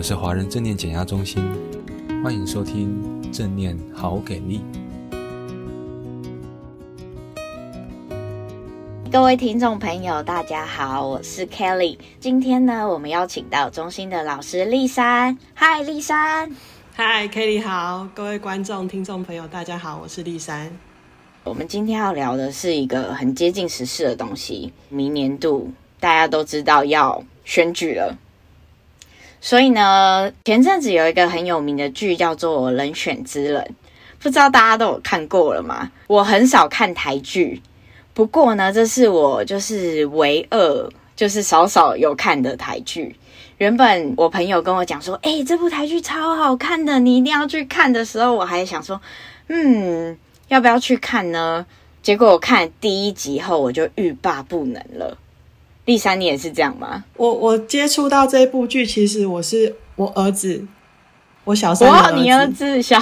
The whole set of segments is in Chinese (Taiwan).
我是華人正念減壓中心，歡迎收聽正念好給力。各位聽眾朋友，大家好，我是 Kelly。今天呢，我們邀請到中心的老師麗珊。嗨，麗珊。嗨，Kelly，好。各位觀眾、聽眾朋友，大家好，我是麗珊。我們今天要聊的是一個很接近時事的東西。明年度大家都知道要選舉了。所以呢，前陣子有一個很有名的劇叫做《人選之人》，不知道大家都有看過了嗎？我很少看台劇，不過呢，這是我就是唯二就是少少有看的台劇。原本我朋友跟我講說，哎，這部台劇超好看的，你一定要去看的時候，我還想說，嗯，要不要去看呢？結果我看第一集後，我就欲罷不能了。麗珊，你也是這樣嗎？我我接觸到這部劇，其實我是我兒子，我小時候要你兒子小，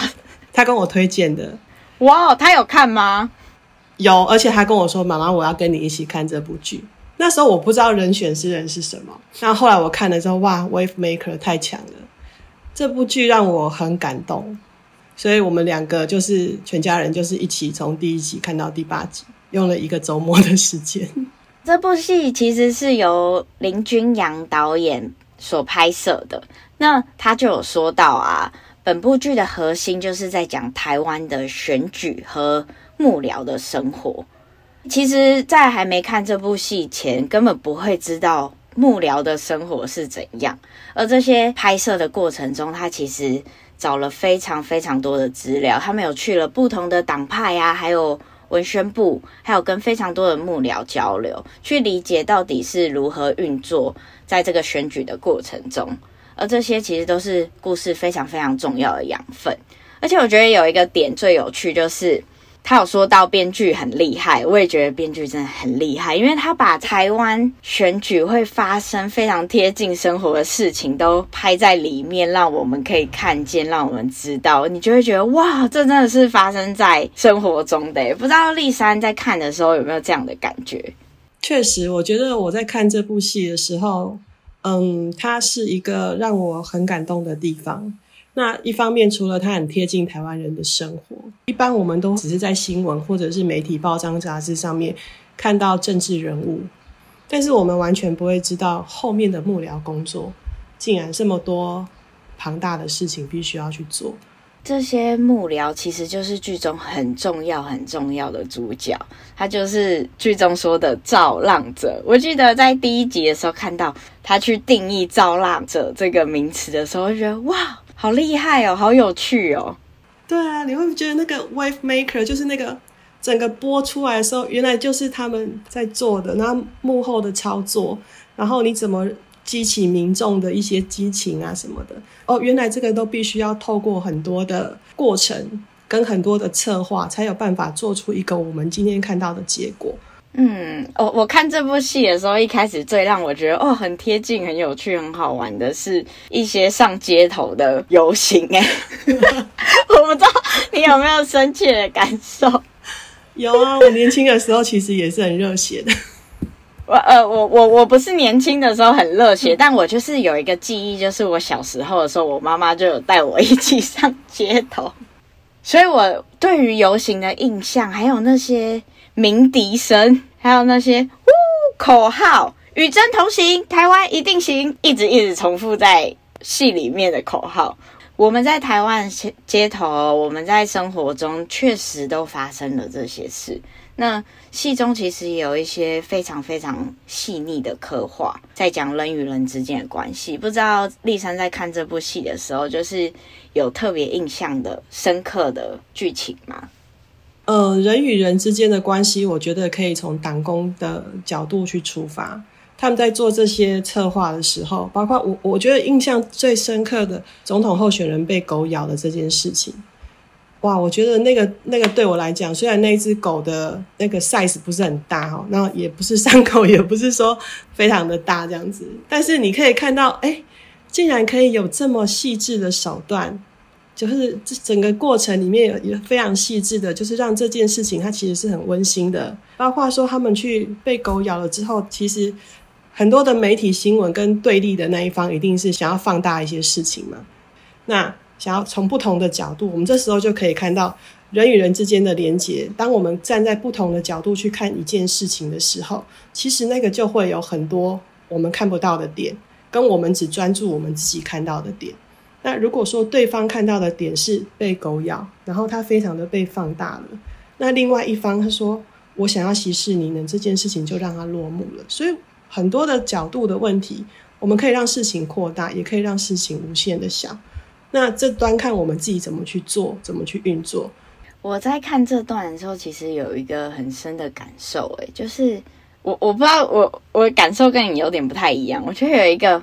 他跟我推薦的。哇，他有看嗎？有，而且他跟我說，媽媽，我要跟你一起看這部劇。那時候我不知道人選之人是什麼，那後，後來我看了之後，哇，Wave Maker 太強了，這部劇讓我很感動，所以我們兩個就是全家人就是一起從第一集看到第八集，用了一個周末的時間。這部戲其實是由林君陽導演所拍攝的，那他就有說到啊，本部劇的核心就是在講台灣的選舉和幕僚的生活。其實，在還沒看這部戲前，根本不會知道幕僚的生活是怎樣。而這些拍攝的過程中，他其實找了非常非常多的資料，他們有去了不同的黨派啊，還有。文宣部，還有跟非常多的幕僚交流，去理解到底是如何運作在這個選舉的過程中，而這些其實都是故事非常非常重要的養分。而且我覺得有一個點最有趣，就是。他有說到編劇很厲害，我也覺得編劇真的很厲害，因為他把台灣選舉會發生非常貼近生活的事情都拍在裡面，讓我們可以看見，讓我們知道，你就會覺得哇，這真的是發生在生活中的。不知道麗珊在看的時候有沒有這樣的感覺？確實，我覺得我在看這部戲的時候，嗯，它是一個讓我很感動的地方。那一方面，除了他很貼近台灣人的生活，一般我們都只是在新聞或者是媒體報章雜誌上面看到政治人物，但是我們完全不會知道後面的幕僚工作竟然這麼多龐大的事情必須要去做。這些幕僚其實就是劇中很重要很重要的主角，他就是劇中說的造浪者。我記得在第一集的時候看到他去定義“造浪者”這個名詞的時候，我覺得哇！好厲害哦，好有趣哦！對啊，你會不不覺得那個 wave maker 就是那個整個播出來的時候，原來就是他們在做的，那幕後的操作，然後你怎麼激起民眾的一些激情啊什麼的？哦，原來這個都必須要透過很多的過程跟很多的策劃，才有辦法做出一個我們今天看到的結果。嗯，我我看這部戲的時候，一開始最讓我覺得哦，很貼近、很有趣、很好玩的，是一些上街頭的遊行、欸。哎， 我不知道你有沒有深切的感受？有啊，我年輕的時候其實也是很熱血的。 我呃，我我我不是年輕的時候很熱血，但我就是有一個記憶，就是我小時候的時候，我媽媽就有帶我一起上街頭，所以我對於遊行的印象，還有那些。鳴笛聲，還有那些呼口號，“與真同行，台灣一定行”，一直一直重複在戲裡面的口號。我們在台灣街頭，我們在生活中確實都發生了這些事。那戲中其實有一些非常非常細膩的刻畫，在講人與人之間的關係。不知道麗珊在看這部戲的時候，就是有特別印象的、深刻的劇情嗎？呃，人與人之間的關係，我覺得可以從黨工的角度去出發。他們在做這些策劃的時候，包括我，我覺得印象最深刻的總統候選人被狗咬的這件事情，哇！我覺得那個那個對我來講，雖然那只狗的那個 size 不是很大哈，然後也不是傷口，也不是說非常的大這樣子，但是你可以看到，哎，竟然可以有這麼細緻的手段。就是這整個過程裡面有一個非常細緻的，就是讓這件事情它其實是很溫馨的。包括說他們去被狗咬了之後，其實很多的媒體新聞跟對立的那一方一定是想要放大一些事情嘛。那想要從不同的角度，我們這時候就可以看到人與人之間的連結。當我們站在不同的角度去看一件事情的時候，其實那個就會有很多我們看不到的點，跟我們只專注我們自己看到的點。那如果說對方看到的點是被狗咬，然後他非常的被放大了，那另外一方他說，我想要息事寧人，這件事情就讓他落幕了。所以很多的角度的問題，我們可以讓事情擴大，也可以讓事情無限的小。那這端看我們自己怎麼去做，怎麼去運作。我在看這段的時候，其實有一個很深的感受，哎，就是我我不知道我我感受跟你有點不太一樣，我覺得有一個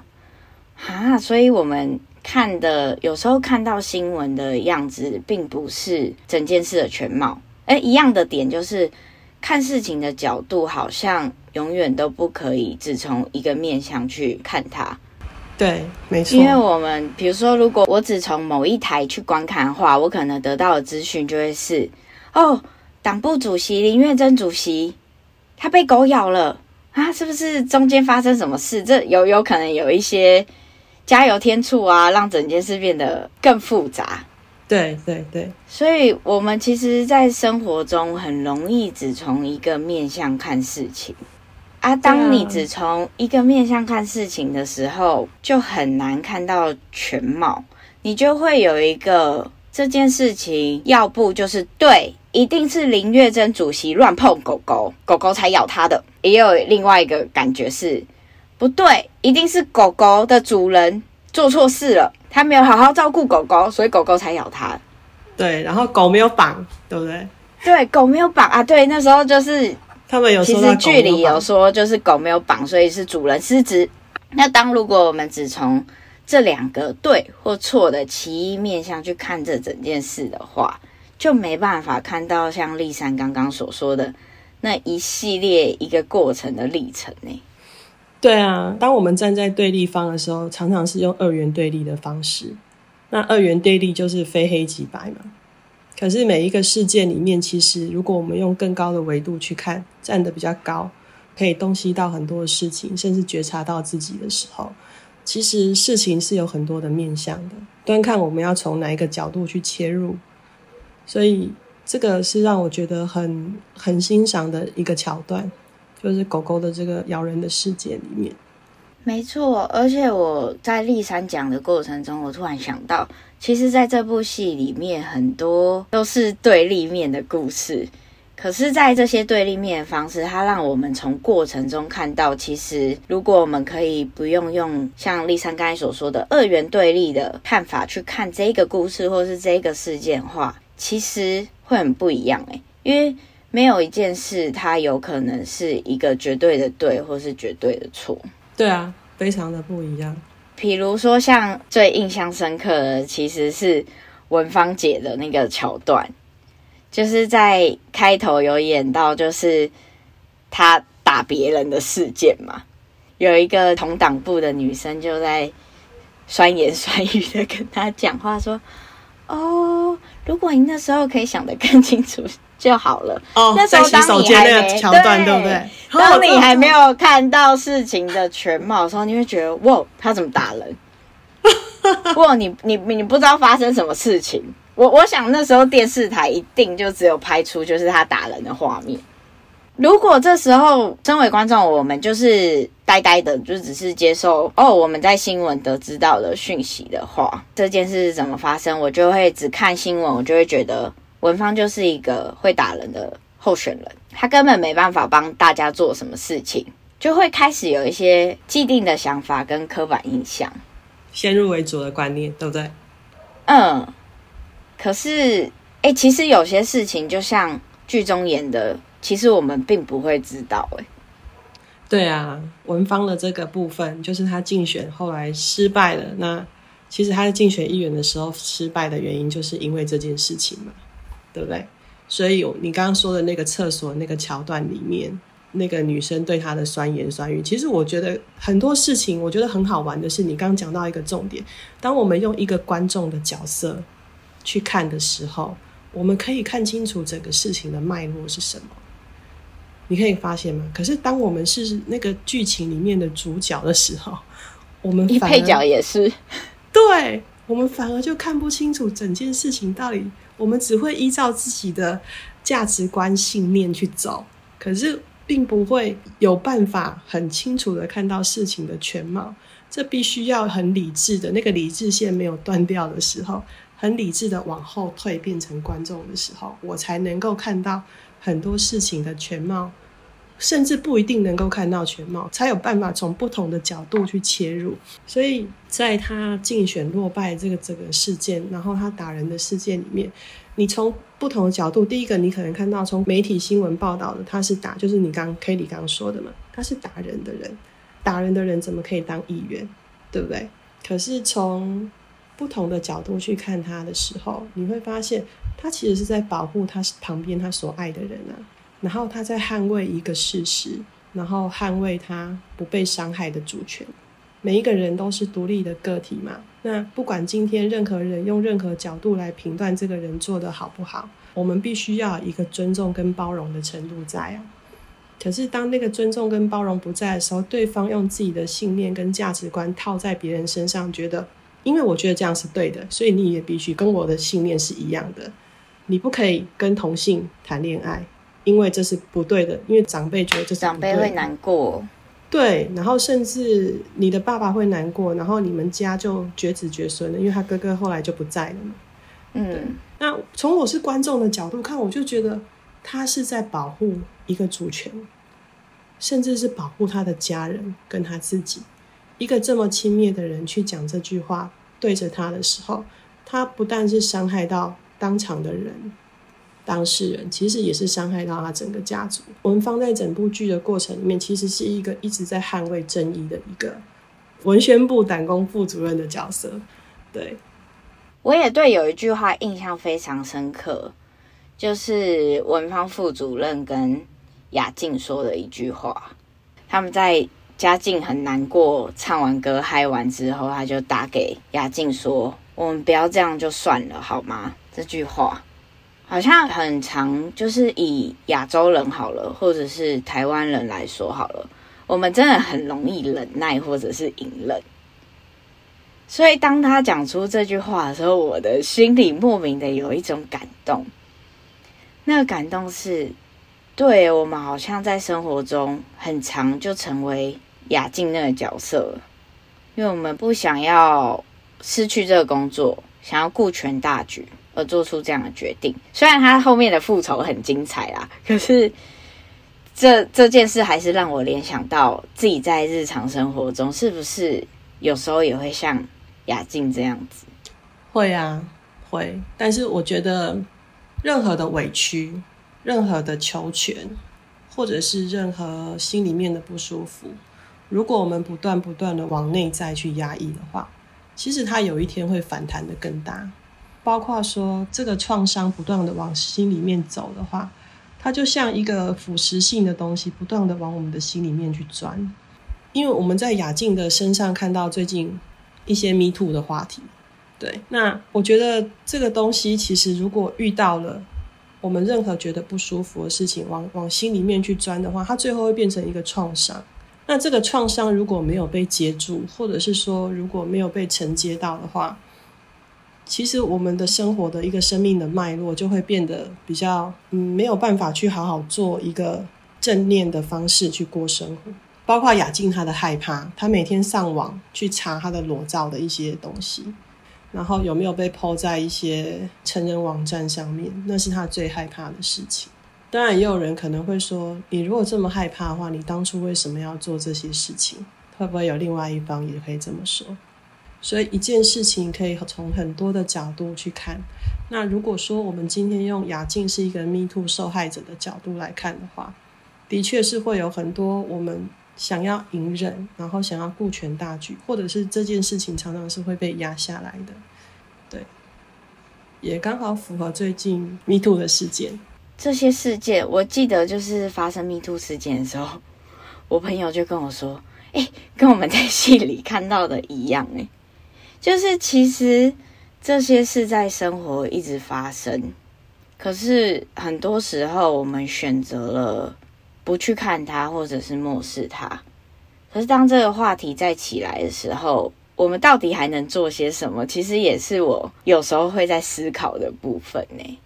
啊，所以我們。看的有時候看到新聞的樣子，並不是整件事的全貌。哎、欸，一樣的點就是看事情的角度，好像永遠都不可以只從一個面向去看它。對，沒錯。因為我們比如說，如果我只從某一台去觀看的話，我可能得到的資訊就會是：哦，黨部主席林月真主席他被狗咬了啊！是不是中間發生什麼事？這有有可能有一些。加油添醋啊，讓整件事變得更複雜。對對對，對對，所以我們其實，在生活中很容易只從一個面向看事情啊。當你只從一個面向看事情的時候，就很難看到全貌。你就會有一個這件事情，要不就是對，一定是林月珍主席亂碰狗狗，狗狗才咬他的。也有另外一個感覺是。不對，一定是狗狗的主人做錯事了，他沒有好好照顧狗狗，所以狗狗才咬他。對，然後狗沒有綁，對不對？對，狗沒有綁啊。對，那時候就是他們有，說有。其實劇裡有說，就是狗沒有綁，所以是主人失職。那當如果我們只從這兩個對或錯的其一面向去看這整件事的話，就沒辦法看到像麗珊剛剛所說的那一系列一個過程的歷程呢、欸。對啊，當我們站在對立方的時候，常常是用二元對立的方式。那二元對立就是非黑即白嘛。可是每一個事件裡面，其實如果我們用更高的維度去看，站得比較高，可以洞悉到很多的事情，甚至覺察到自己的時候，其實事情是有很多的面向的。端看我們要從哪一個角度去切入。所以這個是讓我覺得很很欣賞的一個橋段。就是狗狗的這個咬人的世界裡面，沒錯。而且我在麗珊講的過程中，我突然想到，其實在這部戲裡面很多都是對立面的故事，可是，在這些對立面的方式，它讓我們從過程中看到，其實如果我們可以不用用像麗珊剛才所說的二元對立的看法去看這一個故事，或是這一個事件的話，其實會很不一樣，欸、因為。沒有一件事，它有可能是一個絕對的對，或是絕對的錯。對啊，非常的不一樣。比如說，像最印象深刻的，其實是文芳姐的那個橋段，就是在開頭有演到，就是她打別人的事件嘛。有一個同黨部的女生就在酸言酸語的跟她講話說：“哦，如果你那時候可以想得更清楚。”就好了。哦，在洗手間那個橋段，對不對？對，當你還沒有看到事情的全貌的時候，你會覺得哇，他怎麼打人？ 哇，你你你不知道發生什麼事情。我我想那時候電視台一定就只有拍出就是他打人的畫面。如果這時候身為觀眾，我們就是呆呆的，就只是接受哦，我們在新聞得知到的訊息的話，這件事怎麼發生，我就會只看新聞，我就會覺得。文芳就是一個會打人的候選人，他根本沒辦法幫大家做什麼事情，就會開始有一些既定的想法跟刻板印象，先入為主的觀念，對不對？嗯。可是，哎、欸，其實有些事情就像劇中演的，其實我們並不會知道、欸，哎。對啊，文芳的這個部分就是他競選後來失敗了。那其實他在競選議員的時候失敗的原因，就是因為這件事情嘛。對不對？所以你剛剛說的那個廁所那個橋段裡面，那個女生對她的酸言酸語，其實我覺得很多事情，我覺得很好玩的是，你剛剛講到一個重點，當我們用一個觀眾的角色去看的時候，我們可以看清楚整個事情的脈絡是什麼。你可以發現嗎？可是當我們是那個劇情裡面的主角的時候，我們反而一配角也是，對我們反而就看不清楚整件事情到底。我們只會依照自己的價值觀信念去走，可是並不會有辦法很清楚的看到事情的全貌。這必須要很理智的，那個理智線沒有斷掉的時候，很理智的往後退，變成觀眾的時候，我才能夠看到很多事情的全貌。甚至不一定能夠看到全貌，才有辦法從不同的角度去切入。所以，在他競選落敗這個整個事件，然後他打人的事件裡面，你從不同的角度，第一個你可能看到從媒體新聞報道的，他是打，就是你剛 Kelly 剛說的嘛，他是打人的人，打人的人怎麼可以當議員，對不對？可是從不同的角度去看他的時候，你會發現他其實是在保護他旁邊他所愛的人啊。然後他在捍衛一個事實，然後捍衛他不被傷害的主權。每一個人都是獨立的個體嘛。那不管今天任何人用任何角度來評斷這個人做得好不好，我們必須要有一個尊重跟包容的程度在啊。可是當那個尊重跟包容不在的時候，對方用自己的信念跟價值觀套在別人身上，覺得因為我覺得這樣是對的，所以你也必須跟我的信念是一樣的，你不可以跟同性談戀愛。因為這是不對的，因為長輩覺得這是不對的。長輩會難過，對，然後甚至你的爸爸會難過，然後你們家就絕子絕孫了，因為他哥哥後來就不在了嘛。嗯，那從我是觀眾的角度看，我就覺得他是在保護一個主權，甚至是保護他的家人跟他自己。一個這麼輕蔑的人去講這句話，對着他的時候，他不但是傷害到當場的人。當事人其實也是傷害到他整個家族。文方在整部劇的過程裡面，其實是一個一直在捍衛正義的一個文宣部黨工副主任的角色。對，我也對有一句話印象非常深刻，就是文方副主任跟亞靜說的一句話。他們在亞靜很難過，唱完歌嗨完之後，他就打給亞靜說：“我們不要這樣，就算了，好嗎？”這句話。好像很常，就是以亞洲人好了，或者是台灣人來說好了，我們真的很容易忍耐或者是隱忍。所以當他講出這句話的時候，我的心裡莫名的有一種感動。那個感動是對我們好像在生活中很常就成為亞靜那個角色，因為我們不想要失去這個工作，想要顧全大局。而做出這樣的決定，雖然他後面的復仇很精彩啦，可是這這件事還是讓我聯想到自己在日常生活中是不是有時候也會像亞靜這樣子？會啊，會。但是我覺得，任何的委屈、任何的求全，或者是任何心裡面的不舒服，如果我們不斷不斷地往內在去壓抑的話，其實它有一天會反彈得更大。包括說這個創傷不斷的往心裡面走的話，它就像一個腐蝕性的東西，不斷的往我們的心裡面去鑽。因為我們在亞靜的身上看到最近一些 MeToo 的話題，對，那我覺得這個東西其實如果遇到了我們任何覺得不舒服的事情，往往心裡面去鑽的話，它最後會變成一個創傷。那這個創傷如果沒有被接住，或者是說如果沒有被承接到的話，其實我們的生活的一個生命的脈絡就會變得比較，嗯，沒有辦法去好好做一個正念的方式去過生活。包括雅靜她的害怕，她每天上網去查她的裸照的一些東西，然後有沒有被 po 在一些成人網站上面，那是她最害怕的事情。當然，也有人可能會說，你如果這麼害怕的話，你當初為什麼要做這些事情？會不會有另外一方也可以這麼說？所以一件事情可以從很多的角度去看。那如果說我們今天用亞靜是一個 Me Too 受害者的角度來看的話的確是會有很多我們想要隱忍，然後想要顧全大局，或者是這件事情常常是會被壓下來的。對，也剛好符合最近 Me Too 的事件。這些事件，我記得就是發生 Me Too 事件的時候，我朋友就跟我說：“哎、欸，跟我們在戲裡看到的一樣、欸。”哎。就是其實這些事在生活一直發生，可是很多時候我們選擇了不去看它，或者是漠視它。可是當這個話題再起來的時候，我們到底還能做些什麼？其實也是我有時候會在思考的部分呢、欸。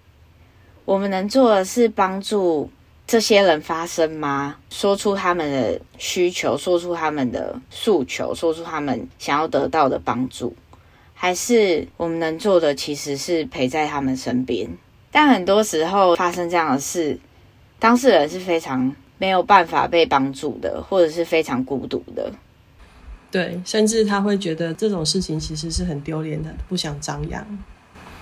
我們能做的是幫助這些人發聲嗎？說出他們的需求，說出他們的訴求，說出他們想要得到的幫助。還是我們能做的其實是陪在他們身邊，但很多時候發生這樣的事，當事人是非常沒有辦法被幫助的，或者是非常孤獨的。對，甚至他會覺得這種事情其實是很丟臉的，不想張揚，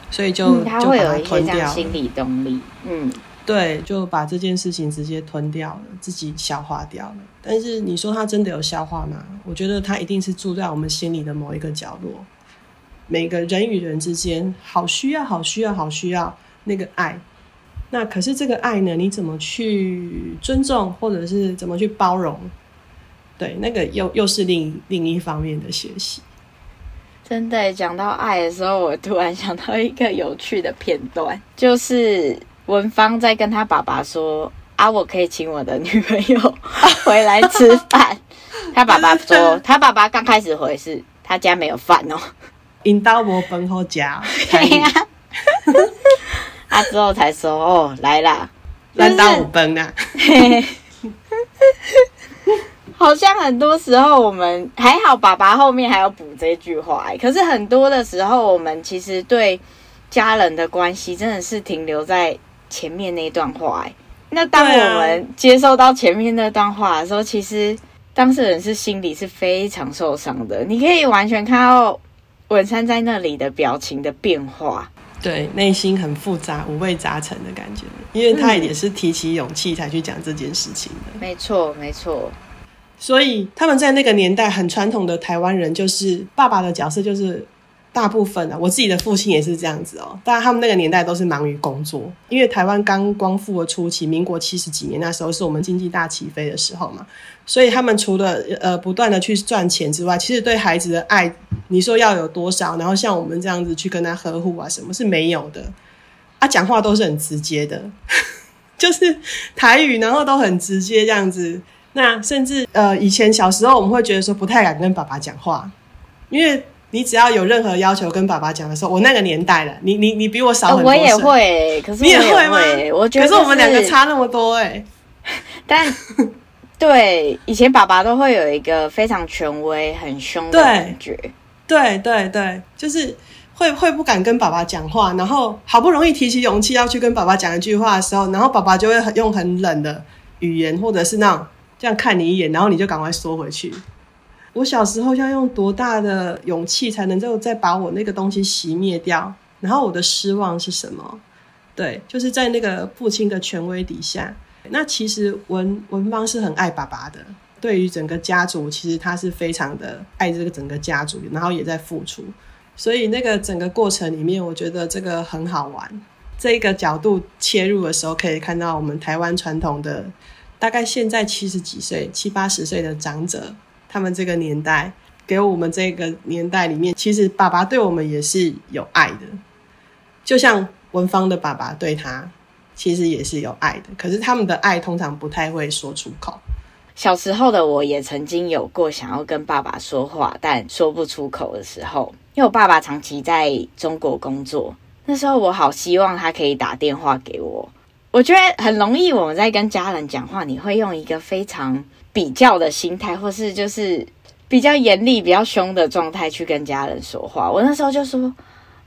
所以就、嗯、他會有一點心理動力。嗯，對，就把這件事情直接吞掉了，自己消化掉了。但是你說他真的有消化嗎？我覺得他一定是住在我們心裡的某一個角落。每個人與人之間，好需要，好需要，好需要那個愛。那可是這個愛呢？你怎麼去尊重，或者是怎麼去包容？對，那個又又是另另一方面的學習。真的，講到愛的時候，我突然想到一個有趣的片段，就是文芳在跟他爸爸說：“啊，我可以請我的女朋友、啊、回來吃飯。” 他爸爸說：“ 他爸爸剛開始回是，他家沒有飯哦。”引到無分好食，對 啊，他之後才說：“哦，來啦難到我分啊？”哈哈哈，好像很多時候我們還好，爸爸後面還有補這句話、欸。可是很多的時候，我們其實對家人的關係真的是停留在前面那段話、欸。那當我們接收到前面那段話的時候，啊、其實當事人是心裡是非常受傷的。你可以完全看到。文山在那裡的表情的變化，對，內心很複雜、五味雜陳的感覺，因為他也是提起勇氣才去講這件事情的。沒錯、嗯，沒錯。所以他們在那個年代很傳統的台灣人，就是爸爸的角色就是。大部分的、啊，我自己的父親也是這樣子哦。當然，他們那個年代都是忙於工作，因為台灣剛光復的初期，民國七十幾年那時候是我們經濟大起飛的時候嘛，所以他們除了呃不斷的去賺錢之外，其實對孩子的愛，你說要有多少？然後像我們這樣子去跟他呵護啊，什麼是沒有的？啊，講話都是很直接的，就是台語，然後都很直接這樣子。那甚至呃以前小時候我們會覺得說不太敢跟爸爸講話，因為。你只要有任何要求跟爸爸講的時候，我那個年代了，你你你比我少很多，呃。我也會，可是我也你也會嗎？我，就是，可是我們兩個差那麼多哎、欸。但對以前，爸爸都會有一個非常權威、很凶的感覺。對，對對對，就是會會不敢跟爸爸講話，然後好不容易提起勇氣要去跟爸爸講一句話的時候，然後爸爸就會很用很冷的語言，或者是那種這樣看你一眼，然後你就趕快縮回去。我小時候要用多大的勇氣才能夠再把我那個東西熄滅掉？然後我的失望是什麼？對，就是在那個父親的權威底下。那其實文文方是很愛爸爸的，對於整個家族，其實他是非常的愛這個整個家族，然後也在付出。所以那個整個過程裡面，我覺得這個很好玩。這個角度切入的時候，可以看到我們台灣傳統的，大概現在七十幾歲、七八十歲的長者。他們這個年代給我們這個年代裡面，其實爸爸對我們也是有愛的，就像文方的爸爸對他，其實也是有愛的。可是他們的愛通常不太會說出口。小時候的我也曾經有過想要跟爸爸說話，但說不出口的時候，因為我爸爸長期在中國工作。那時候我好希望他可以打電話給我。我覺得很容易，我們在跟家人講話，你會用一個非常比較的心態，或是就是比較嚴厲、比較兇的狀態去跟家人說話。我那時候就說：“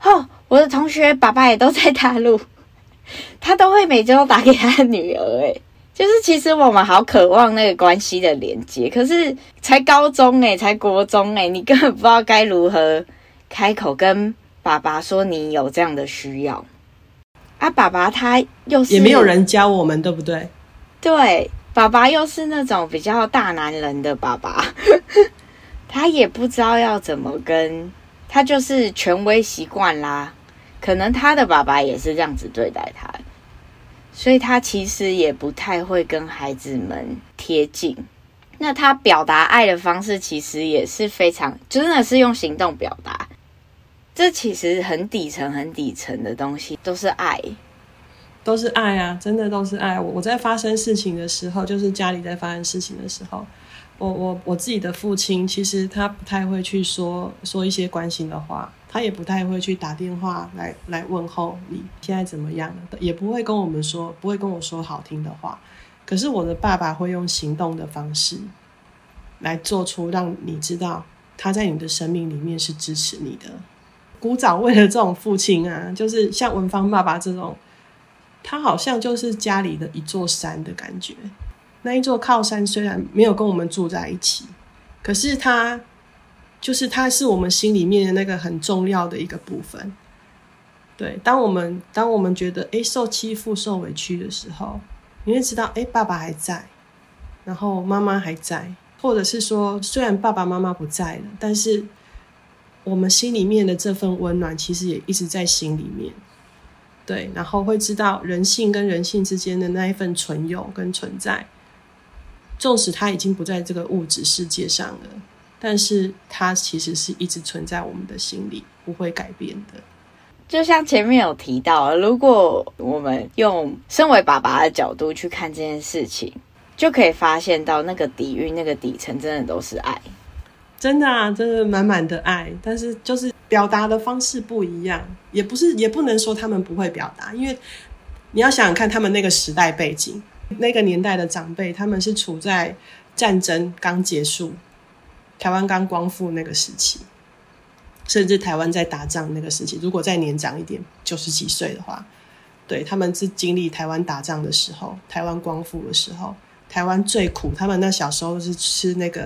哦，我的同學爸爸也都在大陸，他都會每周打給他的女兒。”哎，就是其實我們好渴望那個關係的連接，可是才高中哎，才國中哎，你根本不知道該如何開口跟爸爸說你有這樣的需要。啊，爸爸他又也沒有人教我們，對不對？對。爸爸又是那種比較大男人的爸爸，他也不知道要怎麼跟，他就是權威習慣啦。可能他的爸爸也是這樣子對待他的，所以他其實也不太會跟孩子們貼近。那他表達愛的方式其實也是非常，真的是用行動表達。這其實很底層、很底層的東西，都是愛。都是愛啊，真的都是愛啊。我我在發生事情的時候，就是家裡在發生事情的時候，我我我自己的父親，其實他不太會去說說一些關心的話，他也不太會去打電話來來問候你現在怎麼樣，也不會跟我們說，不會跟我說好聽的話。可是我的爸爸會用行動的方式，來做出讓你知道他在你的生命裡面是支持你的。古早味的這種父親啊，就是像文芳爸爸這種。他好像就是家裡的一座山的感覺，那一座靠山雖然沒有跟我們住在一起，可是他就是他是我們心裡面的那個很重要的一個部分。對，當我們當我們覺得，欸，受欺負、受委屈的時候，你會知道，欸，爸爸還在，然後媽媽還在，或者是說雖然爸爸媽媽不在了，但是我們心裡面的這份溫暖其實也一直在心裡面。對，然後會知道，人性跟人性之間的那一份存有跟存在，縱使他已經不在這個物質世界上了，但是他其實是一直存在我們的心裡，不會改變的。就像前面有提到，如果我們用身為爸爸的角度去看這件事情，就可以發現到那個底蘊、那個底層，真的都是愛。真的啊，真的滿滿的愛，但是就是表達的方式不一樣，也不是也不能說他們不會表達，因為你要想想看，他們那個時代背景，那個年代的長輩，他們是處在戰爭剛結束，台灣剛光復那個時期，甚至台灣在打仗那個時期。如果再年長一點，九十幾歲的話，對，他們是經歷台灣打仗的時候，台灣光復的時候，台灣最苦，他們那小時候是吃那個。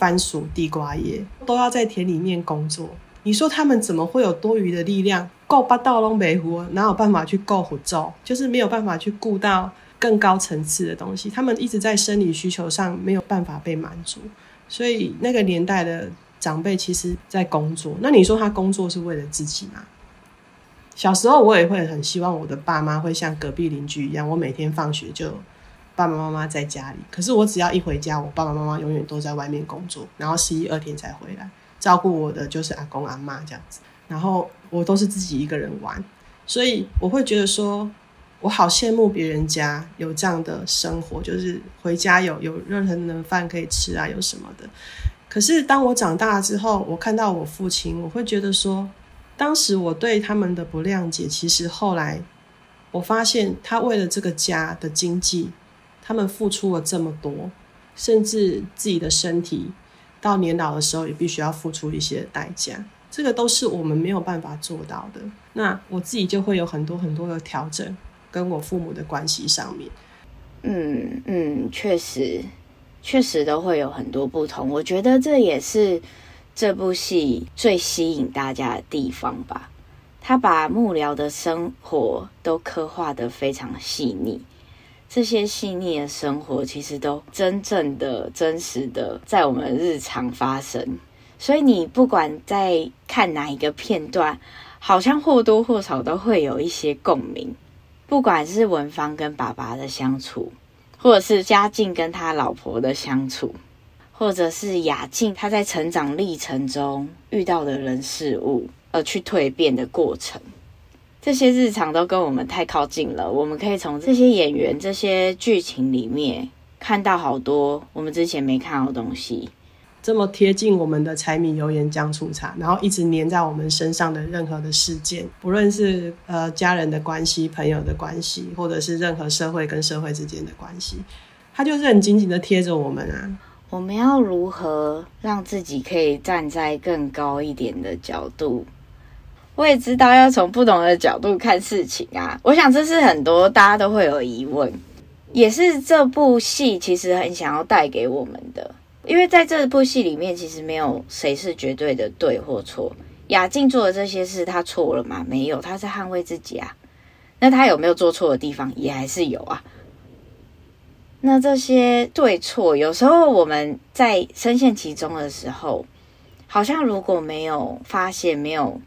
番薯、地瓜葉都要在田裡面工作。你說他們怎麼會有多餘的力量？顧巴肚都沒法度，哪有辦法去顧佛祖？就是沒有辦法去顧到更高層次的東西。他們一直在生理需求上沒有辦法被滿足，所以那個年代的長輩其實，在工作。那你說他工作是為了自己嗎？小時候我也會很希望我的爸媽會像隔壁鄰居一樣，我每天放學就。爸爸媽媽在家裡，可是我只要一回家，我爸爸媽媽永遠都在外面工作，然後十一二天才回來。照顧我的就是阿公阿嬤這樣子，然後我都是自己一個人玩，所以我會覺得說，我好羨慕別人家有這樣的生活，就是回家有有熱騰騰的飯可以吃啊，有什麼的。可是當我長大了之後，我看到我父親，我會覺得說，當時我對他們的不諒解，其實後來我發現他為了這個家的經濟。他們付出了這麼多，甚至自己的身體，到年老的時候也必須要付出一些代價，這個都是我們沒有辦法做到的。那我自己就會有很多很多的調整，跟我父母的關係上面。嗯嗯，確實，確實都會有很多不同。我覺得這也是這部戲最吸引大家的地方吧。他把幕僚的生活都刻畫得非常細膩。這些細膩的生活，其實都真正的真實的在我們日常發生。所以你不管在看哪一個片段，好像或多或少都會有一些共鳴。不管是文芳跟爸爸的相處，或者是嘉靖跟他老婆的相處，或者是雅靜他在成長歷程中遇到的人事物，而去蛻變的過程。這些日常都跟我們太靠近了，我們可以從這些演員、這些劇情裡面看到好多我們之前沒看到的東西，這麼貼近我們的柴米油鹽醬醋茶，然後一直黏在我們身上的任何的事件，不論是呃家人的關係、朋友的關係，或者是任何社會跟社會之間的關係，它就是很緊緊地貼着我們啊。我們要如何讓自己可以站在更高一點的角度？我也知道要從不同的角度看事情啊。我想這是很多大家都會有疑問，也是這部戲其實很想要帶給我們的。因為在這部戲裡面，其實沒有誰是絕對的對或錯。亞靜做的這些事，她錯了嗎？沒有，她是捍衛自己啊。那她有沒有做錯的地方？也還是有啊。那這些對錯，有時候我們在深陷其中的時候，好像如果沒有發現，沒有。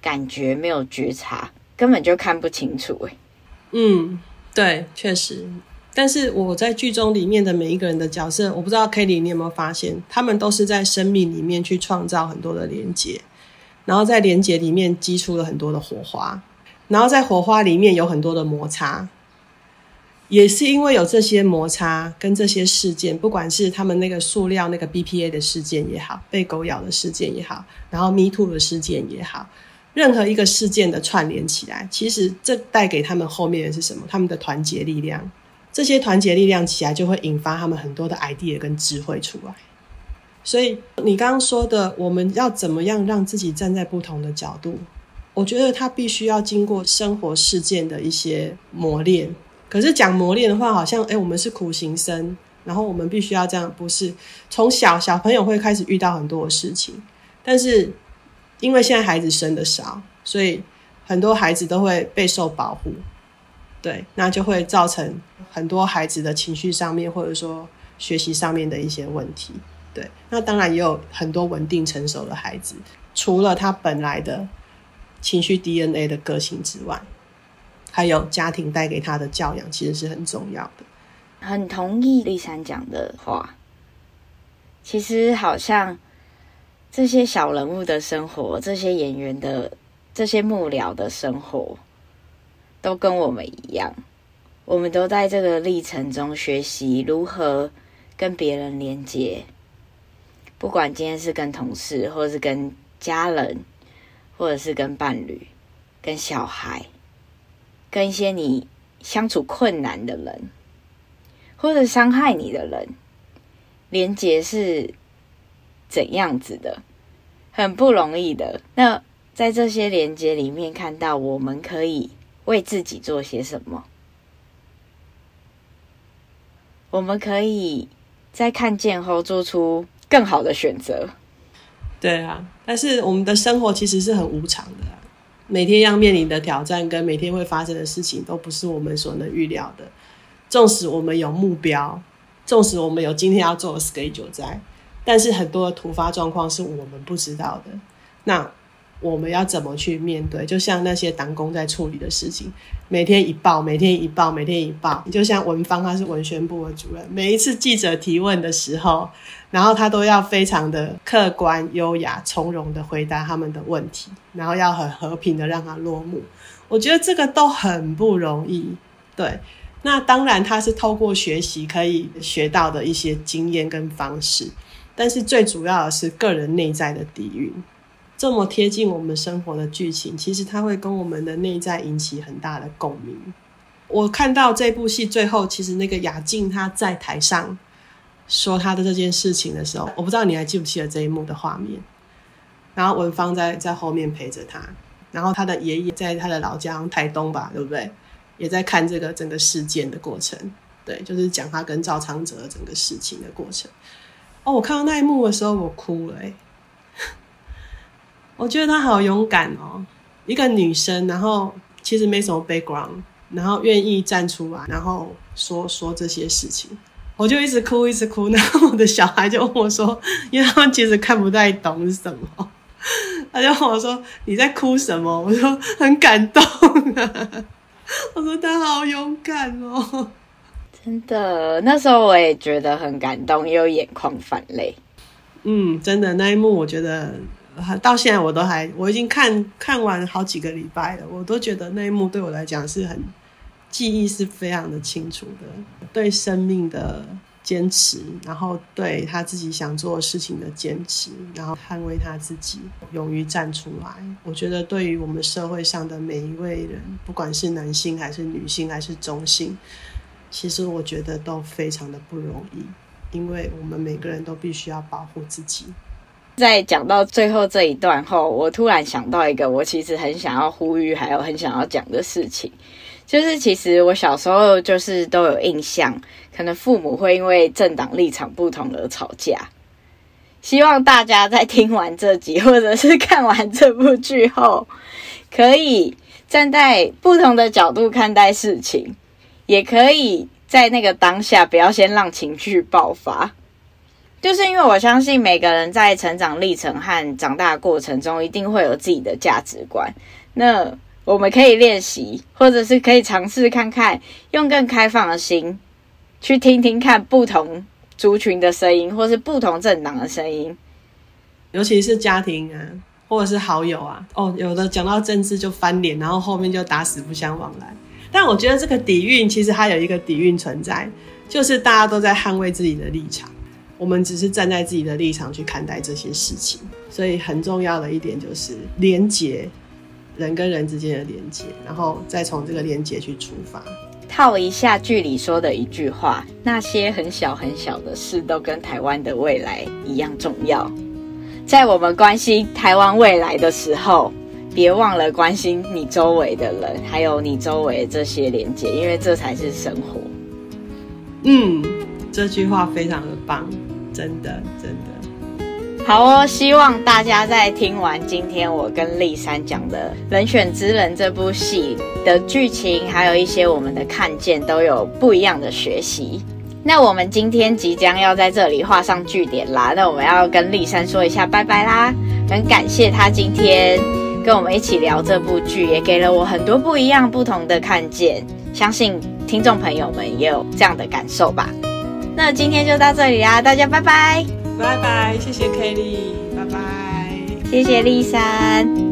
感覺沒有覺察，根本就看不清楚，欸。嗯，對，確實。但是我在劇中裡面的每一個人的角色，我不知道 Kelly 你有沒有發現，他們都是在生命裡面去創造很多的連接，然後在連接裡面激出了很多的火花，然後在火花裡面有很多的摩擦。也是因為有這些摩擦跟這些事件，不管是他們那個塑料那個 BPA 的事件也好，被狗咬的事件也好，然後 Me Too 的事件也好。任何一個事件的串聯起來，其實這帶給他們後面的是什麼？他們的團結力量，這些團結力量起來就會引發他們很多的 idea 跟智慧出來。所以你剛剛說的，我們要怎麼樣讓自己站在不同的角度？我覺得他必須要經過生活事件的一些磨練。可是講磨練的話，好像誒，我們是苦行僧，然後我們必須要這樣，不是？從小小朋友會開始遇到很多的事情，但是。因為現在孩子生的少，所以很多孩子都會備受保護，對，那就會造成很多孩子的情緒上面，或者說學習上面的一些問題，對，那當然也有很多穩定成熟的孩子，除了他本來的情緒 DNA 的個性之外，還有家庭帶給他的教養，其實是很重要的。很同意麗珊講的話，其實好像。這些小人物的生活，這些演員的、這些幕僚的生活，都跟我們一樣。我們都在這個歷程中學習如何跟別人連接，不管今天是跟同事，或者是跟家人，或者是跟伴侶、跟小孩，跟一些你相處困難的人，或者傷害你的人，連接是怎樣子的？很不容易的。那在這些連接裡面，看到我們可以為自己做些什麼？我們可以在看見後做出更好的選擇。對啊，但是我們的生活其實是很無常的啊，每天要面臨的挑戰跟每天會發生的事情，都不是我們所能預料的。縱使我們有目標，縱使我們有今天要做的 schedule 在。但是很多的突發狀況是我們不知道的，那我們要怎麼去面對？就像那些黨工在處理的事情，每天一報，每天一報，每天一報。就像文方，他是文宣部的主任，每一次記者提問的時候，然後他都要非常的客觀、優雅、從容的回答他們的問題，然後要很和平的讓他落幕。我覺得這個都很不容易。對，那當然他是透過學習可以學到的一些經驗跟方式。但是最主要的是個人內在的底蘊，這麼貼近我們生活的劇情，其實它會跟我們的內在引起很大的共鳴。我看到這部戲最後，其實那個雅靜他在台上說他的這件事情的時候，我不知道你還記不記得這一幕的畫面。然後文芳在在後面陪着他，然後他的爺爺在他的老家台東吧，對不對？也在看這個整個事件的過程，對，就是講他跟趙昌澤整個事情的過程。哦，我看到那一幕的時候，我哭了欸。 我覺得她好勇敢哦，一個女生，然後其實沒什麼 background，然後願意站出來，然後說說這些事情，我就一直哭，一直哭。然後我的小孩就問我說：“因為他們其實看不太懂什麼。”他就問我說：“你在哭什麼？”我說：“很感動啊。 ”我說：“她好勇敢哦。”真的，那時候我也覺得很感動，又眼眶泛淚。嗯，真的那一幕，我覺得到現在我都還，我已經看看完好幾個禮拜了，我都覺得那一幕對我來講是很記憶是非常的清楚的。對生命的堅持，然後對他自己想做的事情的堅持，然後捍衛他自己，勇於站出來。我覺得對於我們社會上的每一位人，不管是男性還是女性還是中性。其實我覺得都非常的不容易，因為我們每個人都必須要保護自己。在講到最後這一段後，我突然想到一個我其實很想要呼籲，還有很想要講的事情。就是其實我小時候就是都有印象，可能父母會因為政黨立場不同而吵架。希望大家在聽完這集或者是看完這部劇後，可以站在不同的角度看待事情。也可以在那個當下，不要先讓情緒爆發。就是因為我相信，每個人在成長歷程和長大的過程中，一定會有自己的價值觀。那我們可以練習，或者是可以嘗試看看，用更開放的心去聽聽看不同族群的聲音，或是不同政黨的聲音。尤其是家庭啊，或者是好友啊，哦，有的講到政治就翻臉，然後後面就打死不相往來。但我覺得這個底蘊其實它有一個底蘊存在，就是大家都在捍衛自己的立場。我們只是站在自己的立場去看待這些事情，所以很重要的一點就是連接，人跟人之間的連接，然後再從這個連接去出發。套一下劇裡說的一句話：那些很小很小的事都跟台灣的未來一樣重要。在我們關心台灣未來的時候，別忘了關心你周圍的人，還有你周圍的這些連接，因為這才是生活。嗯，這句話非常的棒，真的真的好哦！希望大家在聽完今天我跟麗珊講的《人選之人》這部戲的劇情，還有一些我們的看見，都有不一樣的學習。那我們今天即將要在這裡畫上句點啦，那我們要跟麗珊說一下拜拜啦，很感謝她今天。跟我們一起聊這部劇，也給了我很多不一樣、不同的看見。相信聽眾朋友們也有這樣的感受吧。那今天就到這裡啦，大家拜拜！拜拜，謝謝 Kelly，拜拜，謝謝麗珊。